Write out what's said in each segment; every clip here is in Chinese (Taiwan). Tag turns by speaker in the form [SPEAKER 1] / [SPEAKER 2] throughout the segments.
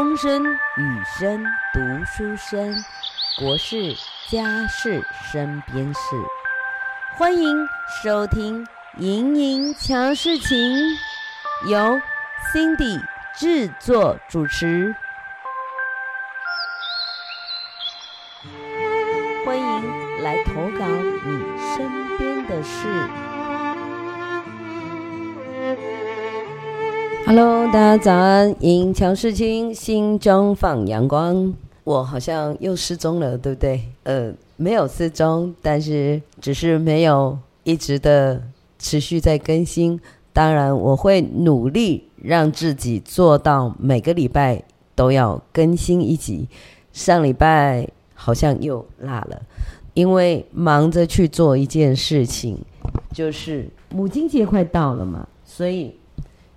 [SPEAKER 1] 風聲雨聲讀書聲，國事家事身邊事。歡迎收聽《瑩瑩瞧事情》，由 Cindy 製作主持。Hello，大家早安！瑩瑩瞧事情，心中放陽光。我好像又失蹤了，對不對？呃，沒有失蹤，但是只是沒有一直的持續在更新。當然，我會努力讓自己做到每個禮拜都要更新一集。上禮拜好像又落了，因為忙着去做一件事情，就是母親節快到了嘛，所以。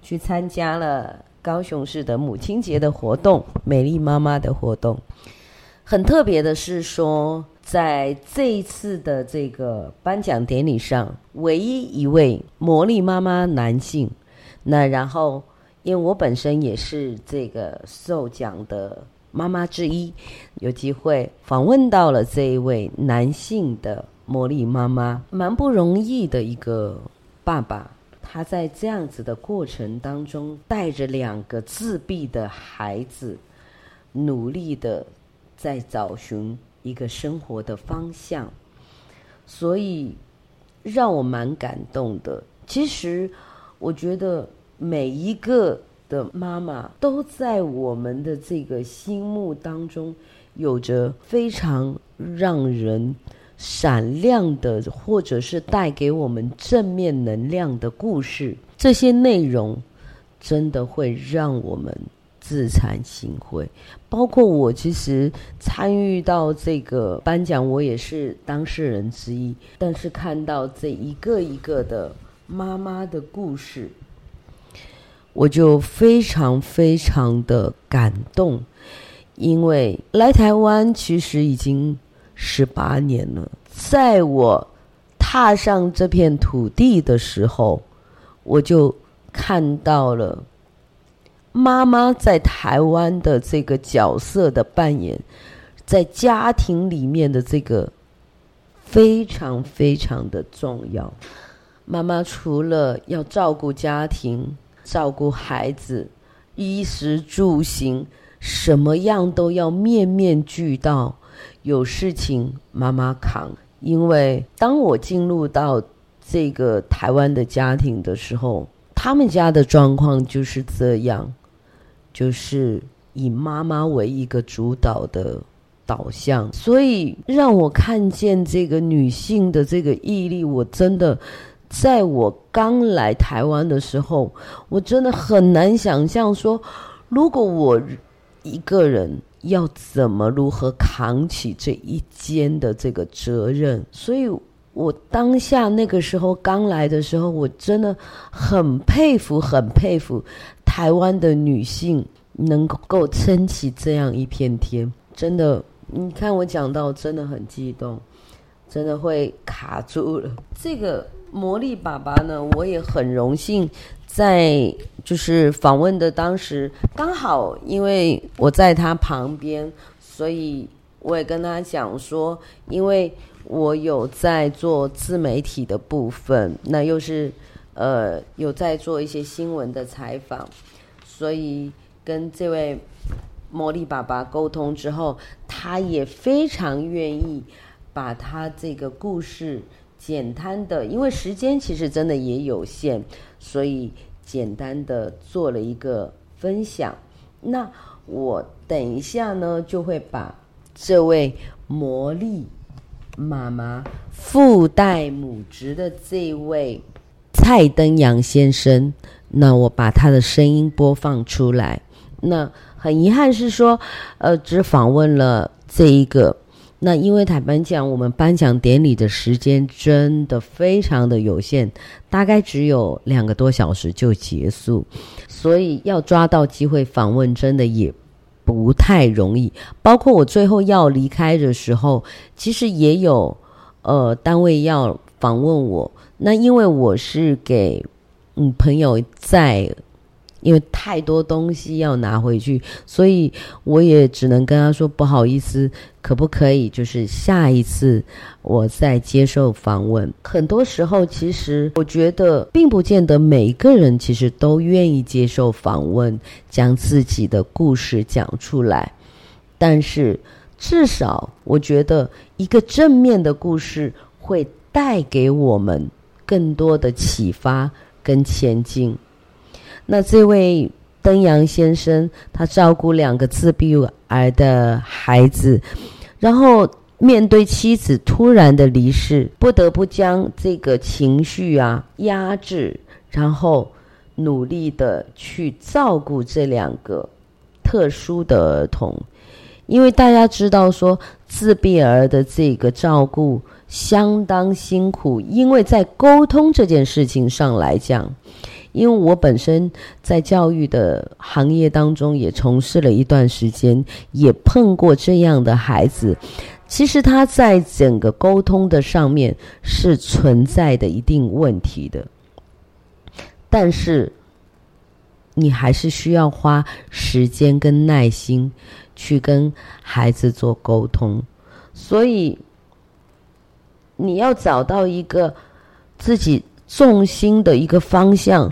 [SPEAKER 1] 去參加了高雄市的母親節的活動，美力媽媽的活動。很特別的是說，在這一次的這個頒獎典禮上，唯一一位魔力媽媽男性。那然後，因為我本身也是這個受獎的媽媽之一，有機會訪問到了這一位男性的魔力媽媽，蠻不容易的一個爸爸。他在這樣子的過程當中，帶着兩個自閉的孩子，努力的在找尋一個生活的方向，所以讓我蠻感動的。其實，我覺得每一個的媽媽都在我們的這個心目當中，有着非常讓人閃亮的，或者是帶給我們正面能量的故事，這些內容真的會讓我們自慚形穢。包括我其實參與到這個頒獎，我也是當事人之一，但是看到這一個一個的媽媽的故事，我就非常非常的感動，因為來台灣其實已經。十八年了，在我踏上這片土地的時候，我就看到了媽媽在台灣的這個角色的扮演，在家庭裡面的這個非常非常的重要。媽媽除了要照顧家庭、照顧孩子、衣食住行，什麼樣都要面面俱到。有事情媽媽扛，因為當我進入到這個台灣的家庭的時候，他們家的狀況就是這樣，就是以媽媽為一個主導的導向，所以讓我看見這個女性的這個毅力，我真的在我剛來台灣的時候，我真的很難想象說，如果我一個人。要怎麼如何扛起這一肩的這個責任？所以，我當下那個時候剛來的時候，我真的很佩服，很佩服台灣的女性能夠撐起這樣一片天。真的，你看我講到，真的很激動，真的會卡住了。這個。魔力爸爸呢？我也很榮幸，在就是訪問的當時，剛好因為我在他旁邊，所以我也跟他講說，因為我有在做自媒體的部分，那又是呃有在做一些新聞的採訪，所以跟這位魔力爸爸溝通之後，他也非常願意把他這個故事，簡單的，因為時間其實真的也有限，所以簡單的做了一個分享。那我等一下呢，就會把這位魔力媽媽父代母職的這位蔡登揚先生，那我把他的聲音播放出來。那很遺憾是說，呃，只訪問了這一個。那因為台頒獎，我們頒獎典禮的時間真的非常的有限，大概只有兩個多小時就結束，所以要抓到機會訪問真的也不太容易。包括我最後要離開的時候，其實也有呃單位要訪問我。那因為我是給嗯朋友在。因為太多東西要拿回去，所以我也只能跟他說不好意思，可不可以就是下一次我再接受訪問？很多時候，其實我覺得並不見得每一個人其實都願意接受訪問，將自己的故事講出來。但是至少我覺得一個正面的故事會帶給我們更多的啟發跟前進。那這位登陽先生，他照顧兩個自閉兒的孩子，然後面對妻子突然的離世，不得不將這個情緒啊壓制，然後努力的去照顧這兩個特殊的兒童，因為大家知道說，自閉兒的這個照顧相當辛苦，因為在溝通這件事情上來講。因為我本身在教育的行業當中也從事了一段時間，也碰過這樣的孩子，其實他在整個溝通的上面是存在的一定問題的，但是你還是需要花時間跟耐心去跟孩子做溝通，所以你要找到一個自己。重心的一個方向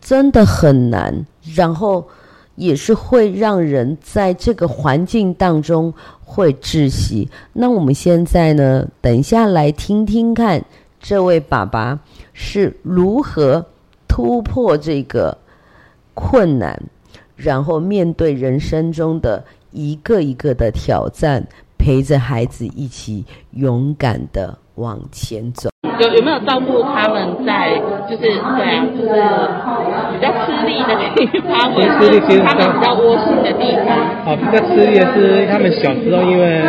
[SPEAKER 1] 真的很難，然後也是會讓人在這個環境當中會窒息。那我們現在呢，等一下來聽聽看，這位爸爸是如何突破這個困難，然後面對人生中的一個一個的挑戰，陪着孩子一起勇敢的往前走。有有沒有照顧他們在就是對啊，就是比較吃力的地方，其實，吃力其實他們比較窩心的地方。啊、哦，比較吃力的是他們小時候，因為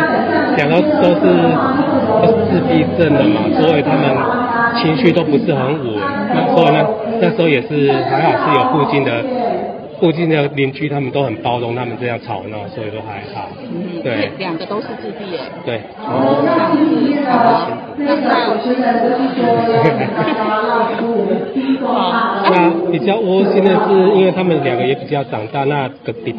[SPEAKER 1] 兩個都，都是自閉症的嘛，所以他們情緒都不是很穩。所以呢，那時候也是還好是有附近的。
[SPEAKER 2] 附近的鄰居他們都很包容，他們這樣吵鬧，所以都還好。嗯、對，兩個都是自閉。對。那我是那比較窩心的是，因為他們兩個也比較長大，那哥哥弟弟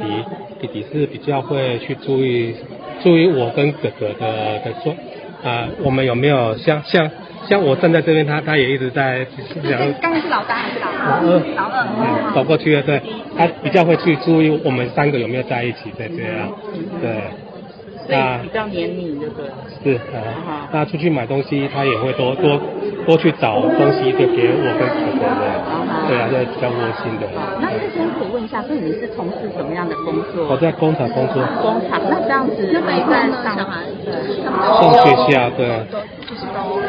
[SPEAKER 2] 弟弟，是比較會去注意注意我跟哥哥的的啊、呃，我們有沒有像像像我站在這邊，他他也一直在講，對對。剛剛是老大還是老二？老二，老二，走過去了，對，他比較會去注意我們三個有沒有在一起在這樣，對。對啊對那比較黏你，對對？是啊，那出去買東西，他也會多多多去找東西，就給我跟寶寶的，對啊，這比較窩心的。那那先我問一下，所以你是從事什麼樣的工作？我在工廠工作，工廠。那這樣子，因為在上海上學期啊，對，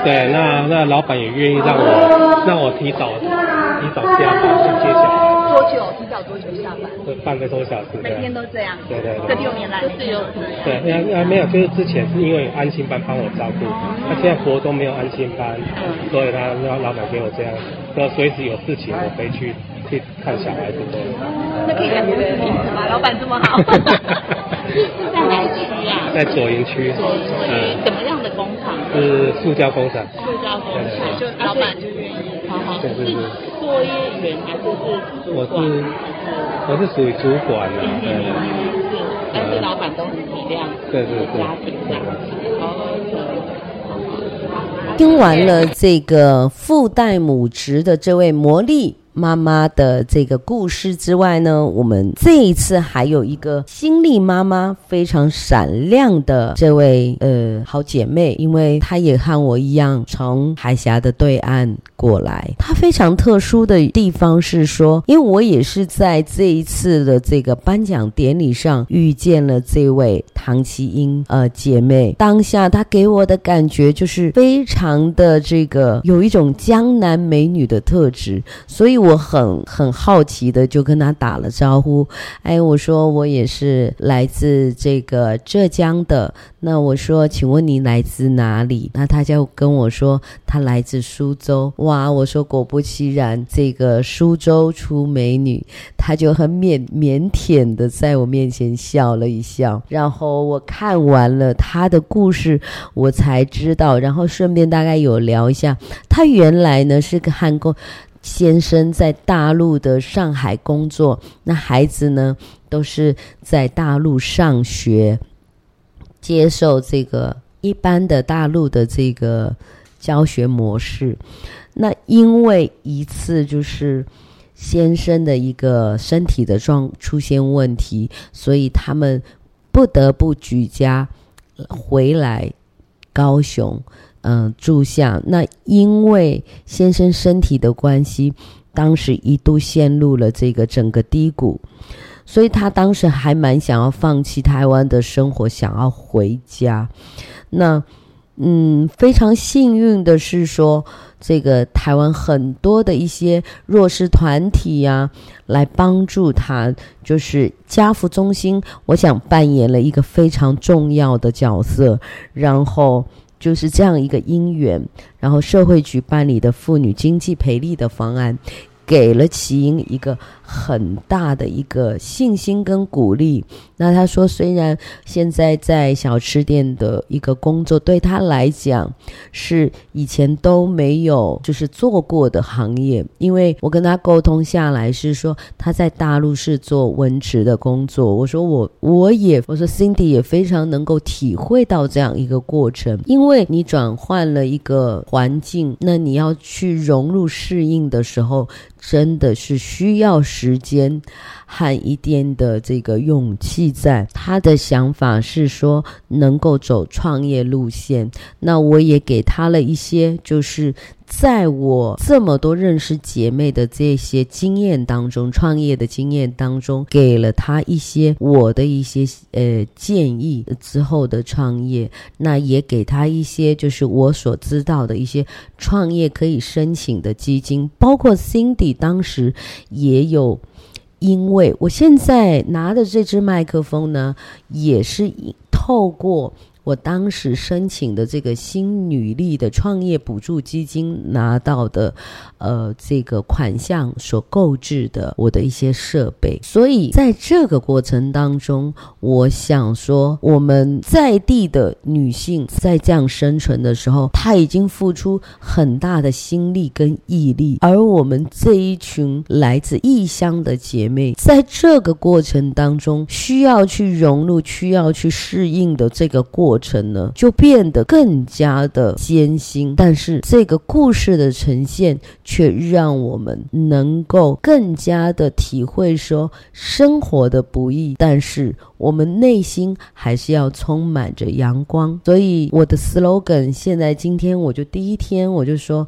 [SPEAKER 2] 對，那那老闆也願意讓我，讓我提早提早下班去接小孩多久？提早多久下班？這半個多小時，每天都這樣。對對，這六年來就是有。對，那那沒有，就是之前是因為安心班幫我照顧，那現在國中沒有安心班，所以他讓老闆給我這樣，要隨時有事情我回去去看小孩子。那可以講公司好嘛？老闆這麼好。在哪區啊？在左營區。左營區，怎麼樣的工廠？是塑膠工廠。塑膠工廠，就老闆就是作業員還是是？我是我是屬於主管的，對，但是老闆都很體諒。對對對。聽
[SPEAKER 1] 完了這個父代母職的這位魔力。媽媽的這個故事之外呢，我們這一次還有一個新力媽媽非常閃亮的這位呃好姐妹，因為她也和我一樣從海峽的對岸過來。她非常特殊的地方是說，因為我也是在這一次的這個頒獎典禮上遇見了這位唐旗英呃姐妹。當下她給我的感覺就是非常的這個有一種江南美女的特質，所以。我很很好奇的就跟他打了招呼，哎，我說我也是來自這個浙江的，那我說請問你來自哪裡？那他就跟我說他來自蘇州，哇，我說果不其然，這個蘇州出美女，他就很腼靦腆的在我面前笑了一笑。然後我看完了他的故事，我才知道，然後順便大概有聊一下，他原來呢是個焊工。先生在大陸的上海工作，那孩子呢，都是在大陸上學，接受這個一般的大陸的這個教學模式。那因為一次就是先生的一個身體的狀出現問題，所以他們不得不舉家回來高雄。嗯，住下。那因為先生身體的關係，當時一度陷入了這個整個低谷，所以他當時還蠻想要放棄台灣的生活，想要回家。那嗯，非常幸運的是說，這個台灣很多的一些弱勢團體呀、啊，來幫助他，就是家扶中心，我想扮演了一個非常重要的角色，然後。就是這樣一個因緣，然後社會局辦理的婦女經濟培力的方案，給了旗英一個很大的一個信心，跟鼓勵。那他說，雖然現在在小吃店的一個工作對他來講是以前都沒有就是做過的行業，因為我跟他溝通下來是說他在大陸是做文職的工作。我說我我也我說 Cindy 也非常能夠體會到這樣一個過程，因為你轉換了一個環境，那你要去融入適應的時候，真的是需要。時間和一點的這個勇氣在，在他的想法是說能夠走創業路線，那我也給他了一些就是。在我這麼多認識姐妹的這些經驗當中，創業的經驗當中，給了她一些我的一些呃建議之後的創業，那也給她一些就是我所知道的一些創業可以申請的基金，包括 Cindy 當時也有。因為我現在拿的這隻麥克風呢，也是透過。我當時申請的這個新女力的創業補助基金拿到的，呃，這個款項所購置的我的一些設備，所以在這個過程當中，我想說，我們在地的女性在這樣生存的時候，她已經付出很大的心力跟毅力，而我們這一群來自異鄉的姐妹，在這個過程當中需要去融入、需要去適應的這個過程。過程呢，就變得更加的艱辛。但是這個故事的呈現，卻讓我們能夠更加的體會說生活的不易。但是我們內心還是要充滿着陽光。所以我的 slogan，現在今天我就第一天我就說，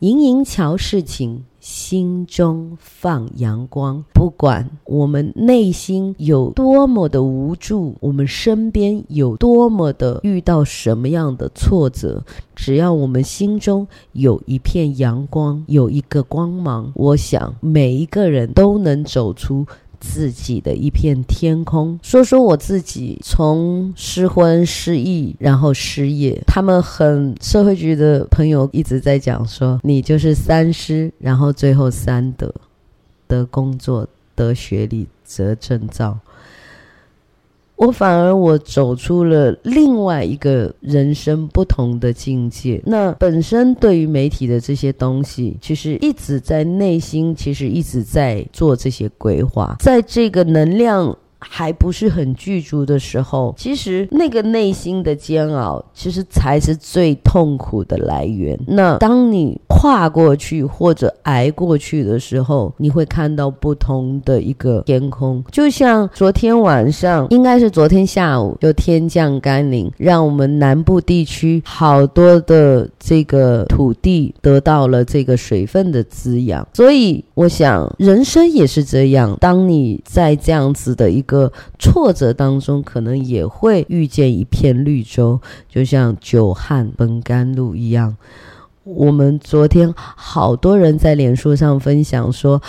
[SPEAKER 1] 瑩瑩瞧事情。心中放陽光，不管我們內心有多麼的無助，我們身邊有多麼的遇到什麼樣的挫折，只要我們心中有一片陽光，有一個光芒，我想每一個人都能走出。自己的一片天空。說說我自己，從失婚、失意，然後失業。他們很社會局的朋友一直在講說，你就是三失，然後最後三得：得工作、得學歷、得證照。我反而我走出了另外一個人生不同的境界。那本身對於媒體的這些東西，其實一直在內心，其實一直在做這些規劃，在這個能量。還不是很具足的時候，其實那個內心的煎熬，其實才是最痛苦的來源。那當你跨過去或者挨過去的時候，你會看到不同的一個天空。就像昨天晚上，應該是昨天下午，就天降甘霖，讓我們南部地區好多的這個土地得到了這個水分的滋養。所以，我想人生也是這樣，當你在這樣子的一個。個挫折當中，可能也會遇見一片綠洲，就像久旱逢甘露一樣。我們昨天好多人在臉書上分享說：“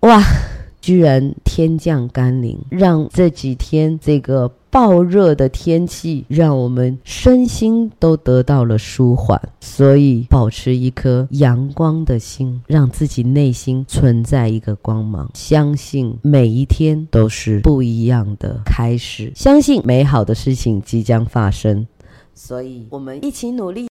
[SPEAKER 1] 哇，居然天降甘霖，讓這幾天這個。”燥熱的天氣讓我們身心都得到了舒緩，所以保持一顆陽光的心，讓自己內心存在一個光芒。相信每一天都是不一樣的開始，相信美好的事情即將發生，所以我們一起努力。